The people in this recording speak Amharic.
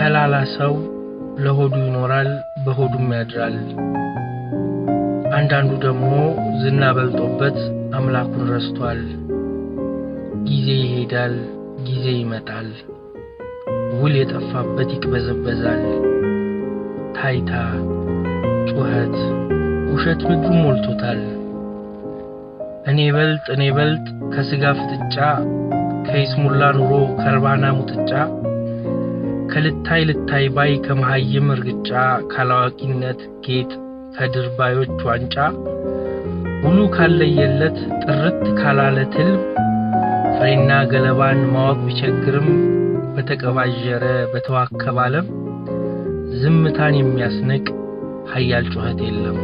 ተላላ ሰው ለሆዱ ይኖራል፣ በሆዱም ያድራል። አንዳንዱ ደግሞ ዝና በልጦበት አምላኩን ረስቷል። ጊዜ ይሄዳል፣ ጊዜ ይመጣል፣ ውል የጠፋበት ይቅበዘበዛል። ታይታ፣ ጩኸት፣ ውሸት ምድሩን ሞልቶታል። እኔ በልጥ እኔ በልጥ ከስጋ ፍጥጫ ከይስሙላ ኑሮ ከርባና ሙጥጫ ከልታይ ልታይ ባይ ከመሃይም እርግጫ ካላዋቂነት ጌጥ ከድርባዮች ዋንጫ ሙሉ ካለየለት ጥርት ካላለ ትልም ፍሬና ገለባን ማወቅ ቢቸግርም በተቀባዠረ በተዋከብ ዓለም ዝምታን የሚያስንቅ ሀያል ጩኸት የለም።